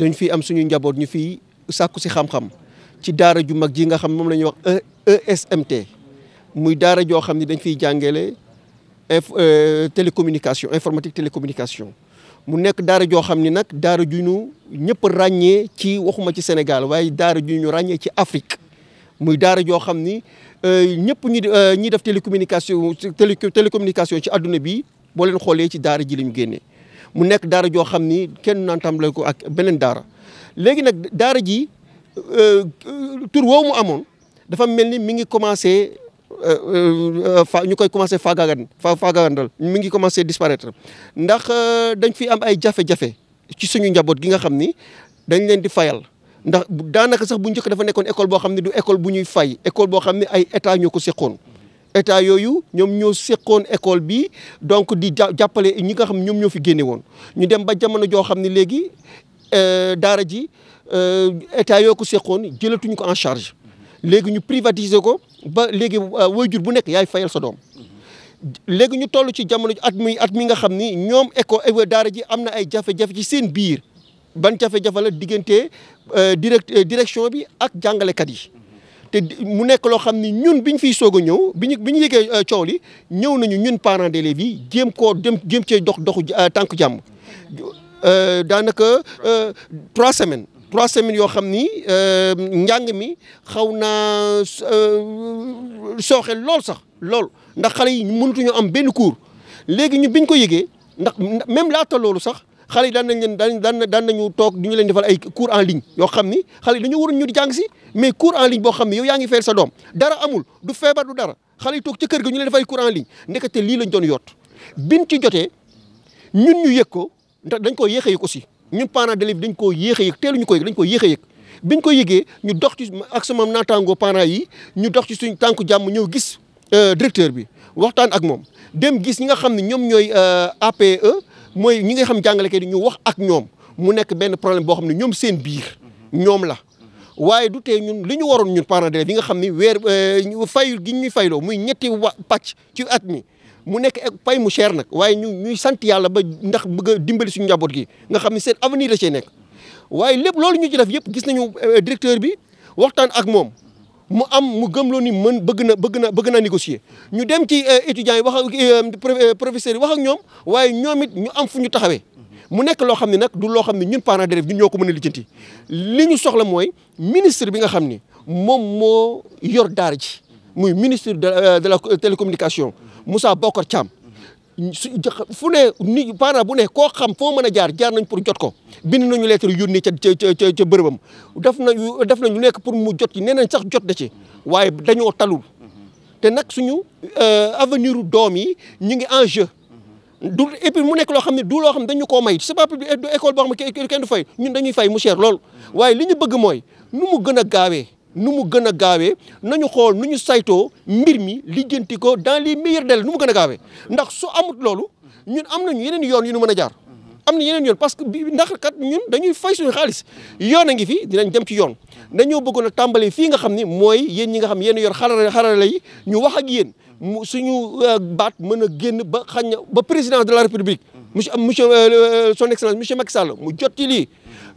dañ fi am suñu njaboot ñu fi sàkku si xam-xam ci daara ju mag ji nga xam moom la ñuy wax ESMT muy daara joo xam ne dañ fiy jàngale euh, télécommunication informatique télécommunication mu nekk daara joo xam ni nag daara ju ñu ñëpp ràññee ci waxuma ci Sénégal waaye daara ju ñu ràññee ci Afrique muy daara joo xam ni Euh, ñëpp ñi euh, ñiy def télécommunication télécommunication ci àdduna bi boo leen xoolee ci daara ji lañu ñu génnee mu nekk daara joo xam ni kenn naantamle ko ak beneen daara léegi nag daara ji euh, tur woowu mu amoon dafa mel ni mi ngi commencé fa ñu koy commencé faagaagan faagaagandal mi ngi commencé disparaître ndax dañ fi am ay jafe-jafe ci suñu njaboot gi nga xam ni dañ leen di fayal ndax daanaka sax bu njëkk dafa nekkoon école boo xam ne du école bu ñuy fay école boo xam ne ay état ñoo ko seqoon état yooyu ñoom ñoo seqoon école bi donc di jàppale ñi nga xam ñoom ñoo fi génne woon ñu dem ba jamono joo xam ne léegi euh, daara ji euh, état yoo ko seqoon jëlatuñu ko en charge léegi ñu privatiser ko ba léegi euh, waajur bu nekk yaay fayal sa doom léegi ñu toll ci jamono at mi at mi nga xam ni ñoom école daara ji am na ay jafe-jafe ci seen biir ban jafe-jafe la diggante euh, direct euh, direction bi ak jàngalekat yi te mu nekk loo xam ni ñun biñ ñu fiy soog a ñëw bi ñu bi ñu yëgee euh, coow li ñëw nañu ñun parents d'élèves yi jéem koo dem jéem cee dox doxu tànk jàmm daanaka trois semaines trois semaines yoo xam ni njàng mi xaw naa sooxe lool sax lool ndax xale yi mënatuñu am benn cours léegi ñu biñ ko yëgee ndax même laata loolu sax xale yi daan leen daan daan daan nañu toog du ñu leen defal ay cours en ligne yoo xam ni xale yi dañu waroon ñu di jàng si mais cours en ligne boo xam ne yow yaa ngi fayal sa doom dara amul du feebar du dara xale yi toog ci kër ga ñu leen defal ay cours en ligne ndekete lii lañ doon yott biñ ci jotee ñun ñu yëg ko ndax dañ koo yéex a ñu aussi ñun parents d'élèves dañ koo yéex a yëg teeluñu ko yëg dañ koo yéex a yëg biñ ko yëgee ñu dox ci ak sama naataangoo parents yi ñu dox ci suñ tànku jàmm ñëw gis euh, directeur bi waxtaan ak moom dem gis ñi nga xam ne ñoom ñooy euh, APE mooy ñi nga xam jàngalekat yi ñu wax ak ñoom mu nekk benn problème boo xam ne ñoom seen biir ñoom la waaye du tee ñun li ñu waroon ñun parents d'élèves nga xam ni weer euh, fay gi ñuy fayloo muy ñetti wa pàcc ci at mi mu nekk pay mu cher nag waaye ñu ñuy sant yàlla ba ndax bëgg a dimbali suñu njaboot gi nga xam ne seen avenir la cee nekk waaye lépp loolu ñu ci def yëpp gis nañu euh, directeur bi waxtaan ak moom mu am mu gëmloo ni mën bëgg na bëgg na bëgg naa négocier ñu dem ci euh, étudiants yi wax ak euh, euh, professeurs yi wax ak ñoom waaye ñoom it ñu am fu ñu taxawee mu nekk loo xam ne nag du loo xam ne ñun parents d'élèves ñun ñoo ko mën a lijjanti li ñu soxla mooy ministre bi nga xam ni moom moo yor daara ji muy ministre de la télécommunication Moussa Bokar Thiam fu ne ni parent bu ne koo xam foo mën a jaar jaar nañ pour jot ko bind nañu lettre yónnee ca ca ca ca bërëbam def nañu def nañu nekk pour mu jot ci nee nañ sax jot da ci waaye dañoo talul te nag suñu euh, avenir doom yi ñu ngi en jeu. du et puis mu nekk loo xam ne du loo xam ne dañu koo may c'est pas public du école boo xam ne kenn du fay ñun dañuy fay mu lool waaye li ñu bëgg mooy nu mu gën a gaawee. nu mu gën a gaawee nañu xool nu ñu saytoo mbir mi lijjanti ko dans les meilleurs délais nu mu gën a gaawee ndax su amut loolu ñun am nañu yeneen yoon yu nu mën a jaar. am na yeneen yoon parce que bi ndax kat ñun dañuy fay suñu xaalis yoon a ngi fi dinañ dem ci yoon dañoo bëggoon a tàmbalee fii nga xam ni mooy yéen ñi nga xam yéen yor xarala xarala yi ñu wax ak yéen suñu euh, baat mën a génn ba xañ ba président de la république. monsieur monsieur euh, euh, son excellence monsieur Macky Sall mu jot ci lii.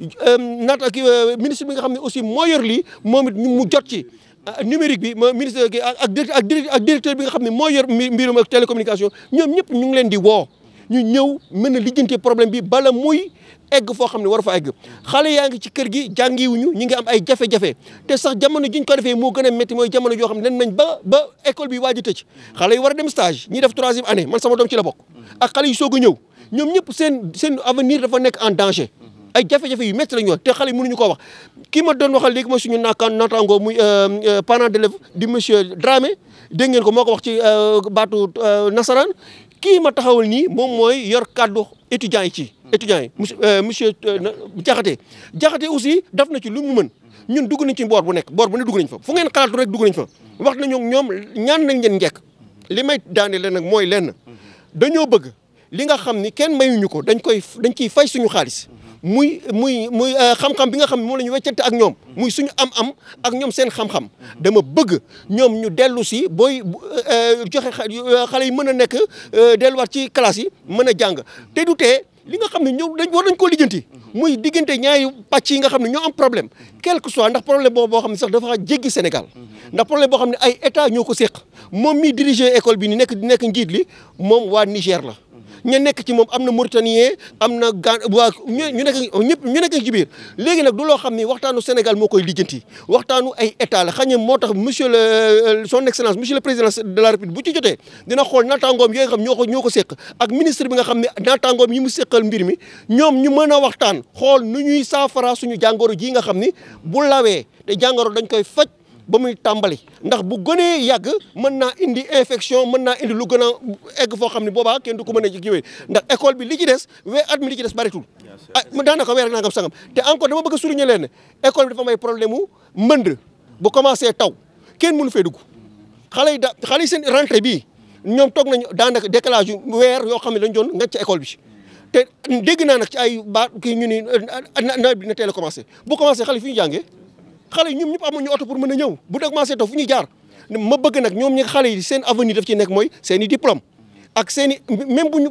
Euh, naata ki euh, ministre bi nga xam ne aussi moo yor lii moom it mu jot ci euh, numérique bi ma ministre ki ak ak directeur bi nga xam ne moo yor mbirum ak télécommunication ñoom ñëpp ñu ngi leen di woo ñu ñëw mën a lijjanti problème bi bala muy egg foo xam ne war fa egg xale yaa ngi ci kër gi jàngiwuñu ñu ngi am ay jafe-jafe te sax jamano ji jiñ ko defee moo gën a métti mooy jamono joo xam ne nen nañ ba ba école bi waaj a tëj xale yi war a dem stage ñi def troisième année man sama doom ci la bokk ak xale yu soog a seen seen avenir dafa nekk en danger ay jafe-jafe yu métti la ñu wax te xale yi ñu ko wax kii ma doon waxal léegi ma suñu naakaan naataango muy euh, euh, parent d'élève di monsieur Dramé dégg ngeen ko moo ko wax ci euh, baatu nasaraan kii ma taxawal nii moom mooy yor kàddu étudiants yi ci étudiants yi monsieur monsieur Diakhaté Diakhaté aussi daf na ci lu mu mën ñun dugg nañ ci boor bu nekk boor bu ne dugg nañ fa fu ngeen xalaatu rek dugg nañ fa wax nañu ñoom ñaan nañ leen njekk li may daane leen nag mooy lenn dañoo bëgg li nga xam ni kenn mayuñu ko dañ koy dañ ciy fay suñu xaalis muy muy muy euh, xam-xam bi nga xam ne moom la ñu weccante ak ñoom mm. muy suñu am-am ak ñoom seen xam-xam mm. dama bëgg ñoom ñu dellu si booy euh, joxe euh, xale yi mën a nekk delluwaat ci classe yi mën a jàng mm. te du tee li nga xam ne ñoom dañ war nañ koo lijjanti mm-hmm. muy diggante ñaari pàcc yi nga xam ne ñoo am problème mm-hmm. quel que soit ndax problème boobu boo xam ne sax dafa jéggi Sénégal mm-hmm. ndax problème boo xam ne ay état ñoo ko séq moom mii diriger école bi ni nekk nekk njiit li moom waa Niger la ña nekk ci moom am na mauritanien am na gan waa ñu nekk ñëpp ñu nekk ci biir léegi nag du loo xam ni waxtaanu Sénégal moo koy lijjanti waxtaanu ay état la moo tax monsieur le euh, son excellence monsieur le président de la république bu ci jotee dina xool naataangoom yooyu nga xam ñoo ko ñoo ko seq ak ministre bi nga xam ne naataangoom yi mu seqal mbir mi ñoom ñu mën a waxtaan xool nu ñuy saafara suñu jàngoro jii nga xam ni bu lawee te jàngoro dañ koy faj ba muy tàmbali ndax bu gënee yàgg mën naa indi infection mën naa indi lu gën a egg foo xam ne boobaa kenn du ko mën a jiwee ndax école bi li ci des wee at li ci des baritul ah daanaka weer nangam sangam te encore dama bëgg a souligner leen ne école bi dafa may problème mu mbënd bu commencé taw kenn mënu fee dugg xale yi da xale yi seen rentrée bii ñoom toog nañu daanaka décalage weer yoo xam ne dañu doon ngacc ci école bi te dégg naa nag ci ay ba kii ñu ni euh, nawet bi na teel a commencé bu commencé xale fi ñu xale yi ñoom ñëpp amuñu pour ñëw bu dee commencé taw fu ñuy jaar ma bëgg i diplôme ak seen i même bu ñu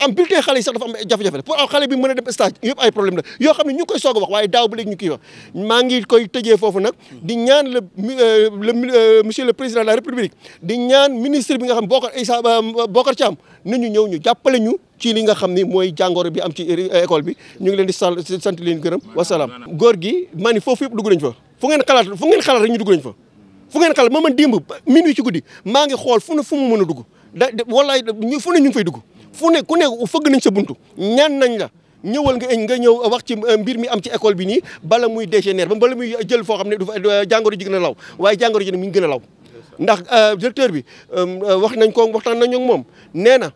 am bulletin xale yi sax dafa am xale bi mën a dem stage yëpp ay problème la ne ñu ngi koy soog a wax waaye daaw ñu kii koy tëjee foofu nag di ñaan le euh, le euh, monsieur le président de la république di ñaan ministre bi nga xam Bocar Issa euh, Bocar Thiam na ñu ñëw ñu jàppale ñu ci li nga xam ni mooy jàngoro bi am ci école bi ñu ngi leen di sant leen gërëm wasalaam góor gi man foofu yëpp dugg nañ fa fu ngeen xalaat fu ngeen xalaat rek ñu dugg nañ fa fu ngeen xalaat ma man démb minuit ci guddi maa ngi xool fu ne fu mu mën a dugg da wallaay ñu fu ne ñu ngi fay dugg fu ne ku ne fëgg nañ sa buntu ñaan nañ la ñëwal nga nga ñëw wax ci euh, mbir mi am ci école bi nii bala muy dégénère ba bala muy jël foo xam ne du jàngoro ji gën a law waaye jàngoro ji nag mi ngi gën a law ndax euh, directeur bi euh, wax nañ ko waxtaan nañ ak moom nee na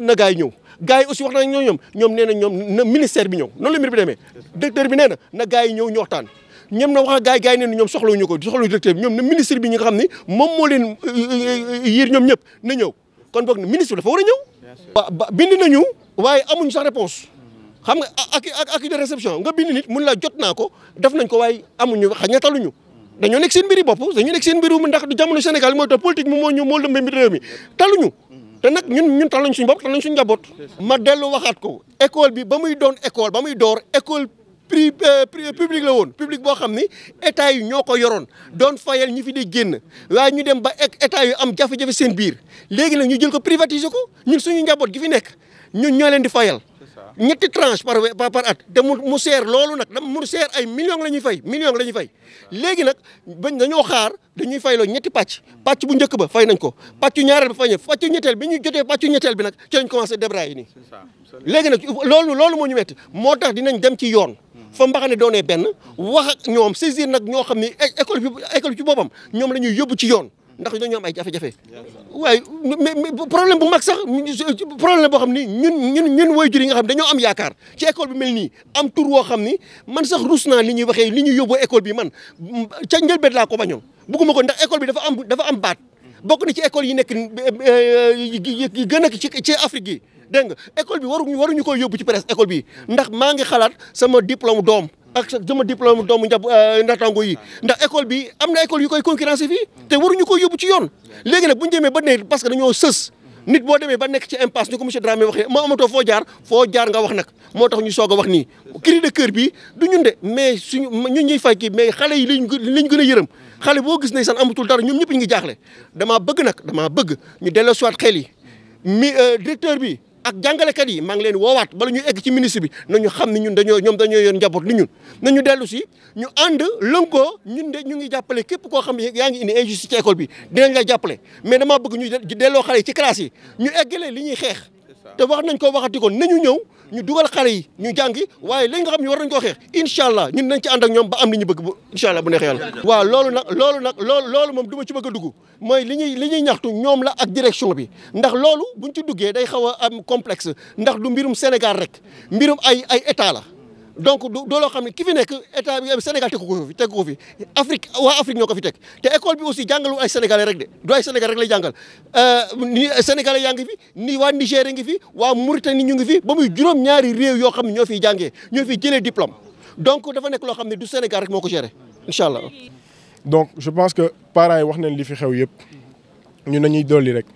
na gars gaay ñëw gars yi aussi wax nañ ñoom ñoom nee na ñoom na bi ñëw noonu la mbir bi demee directeur bi nee na na gars yi ñëw ñu waxtaan ñoom na wax ak gars yi gars yi ne ñoom soxlawuñu ko soxlawuñu directeur bi ñoom na ministre bi ñi nga xam ne moom moo leen euh, euh, yiir ñoom ñëpp na ñëw kon boog ministre dafa war a ñëw ba bind nañu waaye amuñu sax réponse xam nga ak ak acquis de réception nga bind nit mun la jot naa ko def nañ ko waaye amuñu xañ taluñu dañoo nekk seen mbiri bopp dañoo nekk seen mbiri ndax jamono Sénégal moo ñu moo lëmbee mbir réew mi taluñu te nag ñun ñun tal nañ suñu bopp tal nañ suñu njaboot ma dellu waxaat ko école bi ba muy doon école ba muy door école prix euh, public la woon public boo xam ni état yi ñoo ko yoroon doon fayal ñi fi di génn waaye ñu dem ba état yu am jafe-jafe seen biir léegi nag ñu jël ko privatiser ko ñun suñu njaboot gi fi nekk ñun ñoo leen di fayal. ñetti tranche par par par at te mu mu seer loolu nag mu seer ay millions la ñuy fay million la ñuy fay léegi nag bañ dañoo xaar dañuy fay fayloo ñetti pàcc pàcc bu njëkk ba fay nañ ko pàccu ñaareel ba fay nañ pàccu ñetteel bi ñu jotee pàccu ñetteel bi nag ci lañ commencé débrayer léegi nag loolu loolu moo ñu metti moo tax dinañ dem ci yoon. fa mbaxane doonee benn wax ñoom saisir nag ñoo xam ne école école bi ci boppam ñoom la ñuy yóbbu ci yoon ndax dañoo am ay jafe-jafe waaye mais problème bu mag sax problème boo xam ni ñun ñun ñun waajur yi nga xam dañoo am yaakaar ci école bi mel am tur woo xam ni man sax rus naa li ñuy waxee li ñuy yóbboo école bi man ca njëlbeen laa ko bañoon bugguma ko ndax école bi dafa am dafa am baat bokk na ci école yi nekk euh, euh, gën a ci ci yi dégg nga école bi waruñu waruñu koy yóbbu ci presse école bi ndax maa ngi xalaat sama diplôme doom ak sama diplôme doomu njab euh, ndatango yi ndax école bi am na école yi koy concurrence fii te waruñu koy yóbbu ci yoon léegi nag bu ñu demee ba ne parce que dañoo sës nit boo demee ba nekk ci impasse ni ko monsieur Dramé waxee ma amatoo foo jaar foo jaar nga wax nag moo tax ñu soog a wax nii cri de kër bi du ñun de mais suñu ñun ñuy fay ki mais xale yi liñ liñ gën a yërëm xale boo gis ne san amatul dara ñoom ñëpp ñu ngi jaaxle damaa bëgg nag damaa bëgg ñu delloosiwaat xel yi mi euh, directeur bi ak jàngalekat yi maa ngi leen woowaat bala ñu egg ci ministre bi nañu xam ne ñun dañoo ñoom dañoo yoon njaboot ni ñun nañu dellu si ñu ànd lënkoo ñun de ñu ngi jàppale képp koo xam ne yaa ngi indi injustice ci école bi dinañ la jàppale mais dama bëgg ñu delloo xale yi ci classe yi ñu eggale li ñuy xeex te wax nañ ko waxati ko nañu ñëw ñu dugal xale yi ñu jàngi waaye li nga xam ñu war nañ koo xeex incha allah ñun nañ ci ànd ak ñoom ba am li bëgg bu incha allah bu neexee yàlla loolu nag loolu nag loolu loolu moom du ma ci bëgg a dugg mooy li ñuy li ñuy ñaxtu ñoom la ak direction bi ndax loolu buñ ci duggee day xaw a am complexe ndax du mbirum Sénégal rek mbirum ay ay état la donc du loo xam ne ki fi nekk état bi Sénégal teg ko fi teg ko fi Afrique waa Afrique ñoo ko fi teg te école bi aussi jàngalu ay sénégalais rek de du ay sénégalais rek lay jàngal euh, ni sénégalais yaa ngi fi ni waa Niger ñu ngi fi ba muy juróom-ñaari yoo xam ne ñoo fiy jàngee ñoo fiy jëlee diplôme donc dafa nekk loo xam ne du Sénégal rek moo ko géré incha allah. donc je pense que parent yi wax nañ li fi xew yëpp ñu ñuy dolli rek.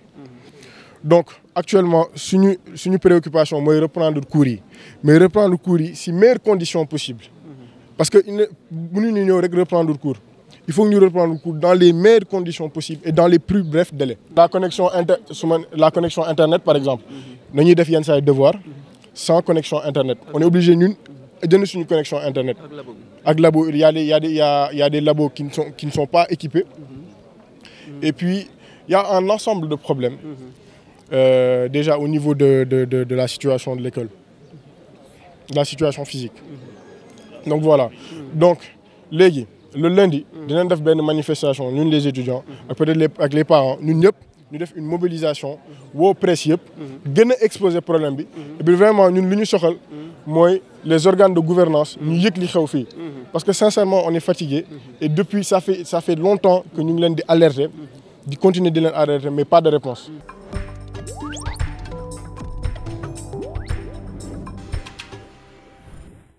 donc actuellement suñu suñu préoccupation mooy reprendre cours yi mais reprendre cours yi si meilleures condition possibles parce que mënuñu ñëw rek reprendre cours il faut que ñu reprendre cours dans les meilleures conditions possibles et dans les plus brefs délais. la connexion internet par exemple nañuy def yenn saa devoir sans connexion internet on est obligé ñun jënd suñu connexion internet. ak labo il y a des il y a des il y a des labos qui ne sont ne sont pas équipés et puis il y a un ensemble de problèmes. Mm-hmm. euh, déjà au niveau de, de, de, de la situation de l'école, la situation physique. Donc voilà. Donc, léegi le lundi dinañ def benn manifestation ñun les étudiants ak peut-être les ak les parents ñun ñëpp ñu def une mobilisation woo presse yëpp gën a exposer problème bi et vraiment ñun li ñu soxal mooy les organes de gouvernance ñu yëg li xew fii parce que sincèrement on est fatigué et depuis ça fait ça fait longtemps que ñu ngi leen di alerter di continuer di leen alerter mais pas de réponse